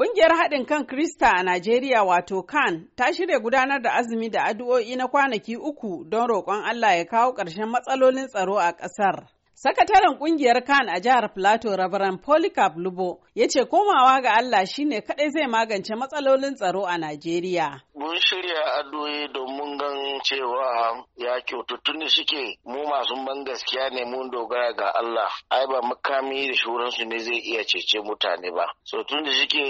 Kungiyar haɗin kan Krista a Najeriya wato kan ta shirya gudanar da azumi da addu'o'i na kwanaki uku don roƙon Allah ya kawo ƙarshen matsalolin tsaro a ƙasar. Sakataren ƙungiyar kan a jihar Plateau Reverend Polycarp Lubo ya ce komawa ga Allah shine kaɗai zai magance matsalolin tsaro a Najeriya. mun shirya addu'o'i domin gan cewa ya kyautu tun suke mu masu ban gaskiya ne mun dogara ga Allah ai ba makami da shuransu ne zai iya cece mutane ba so tun da suke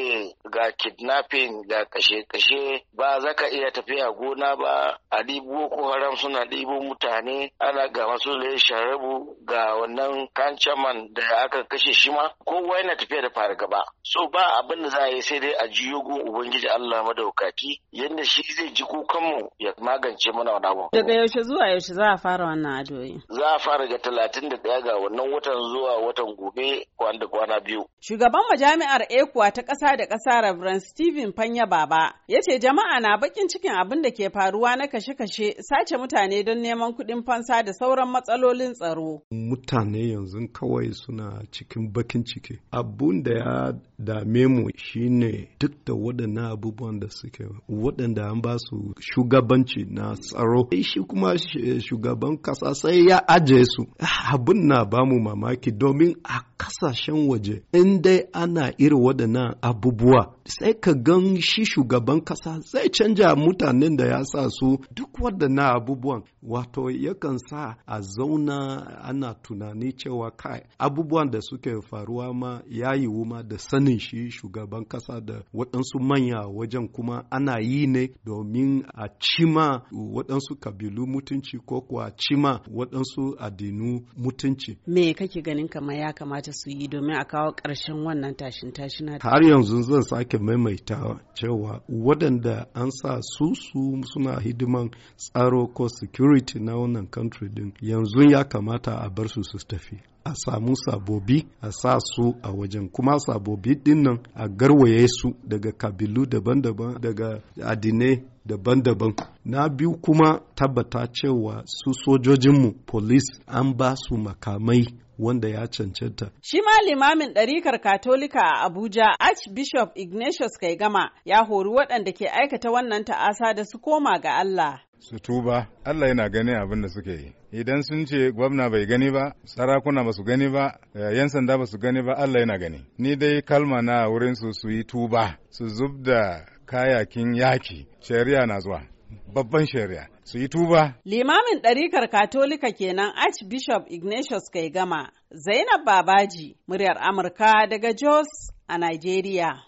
ga kidnapping ga kashe-kashe ba za ka iya tafiya gona ba a dibu ko haram suna ɗibo mutane ana ga masu da sharabu ga wannan kancaman da aka kashe shi ma kowa yana tafiya da fargaba so ba abin da za a yi sai dai a jiyo ubangiji Allah madaukaki yadda wanda shi zai ji kukanmu ya magance mana wani abu. Daga yaushe zuwa yaushe za a fara wannan adoyi? Za a fara ga talatin da ɗaya ga wannan watan zuwa watan gobe da kwana biyu. Shugaban majami'ar Ekuwa ta ƙasa da ƙasa Reverend Stephen Fanya Baba ya ce jama'a na bakin cikin abin da ke faruwa na kashe-kashe sace mutane don neman kuɗin fansa da sauran matsalolin tsaro. Mutane yanzu kawai suna cikin bakin ciki. Abun da ya dame mu shine duk da waɗannan abubuwan da suke waɗannan da an ba su shugabanci na tsaro shi kuma eh, shugaban kasa sai ya ajiye su abin na ba mu mamaki domin a kasashen waje in dai ana iri waɗannan abubuwa sai ka gan shi shugaban kasa zai canja mutanen da ya sa su duk waɗannan abubuwan wato yakan sa a zauna ana tunani cewa kai abubuwan da suke faruwa ma ya yiwu ma da sanin shi shugaban kasa da waɗansu manya wajen kuma ana yi ne ne domin a cima waɗansu kabilu mutunci ko kuwa cima waɗansu addinu mutunci. Me kake ganin kama ya kamata su yi domin a kawo ƙarshen wannan tashin tashina? Har yanzu zan sake maimaita cewa waɗanda an sa su su suna hidiman tsaro ko security na wannan country din yanzu ya kamata a bar su su tafi. a samu sabobi a sa su a wajen kuma sabobi dinnan a garwaye su daga kabilu daban-daban daga adinai daban-daban. Na biyu kuma tabbata cewa su sojojinmu polis an ba su makamai wanda ya cancanta. Shi ma limamin ɗarikar Katolika a Abuja, Archbishop Ignatius gama ya hori waɗanda ke aikata wannan ta'asa da su koma ga Allah. Su tuba, Allah yana gani abin da suke yi. Idan sun ce gwamna bai gani ba, sarakuna ba su gani ba, eh, yan sanda ba su gani ba, Allah yana gani. Ni dai kalma na wurin su su yi tuba, su zub da kayakin yaki shari'a na zuwa babban shari'a su yi tuba. Limamin ɗarikar Katolika kenan Archbishop Ignatius gama Zainab Babaji, muryar Amurka daga Jos a Nigeria.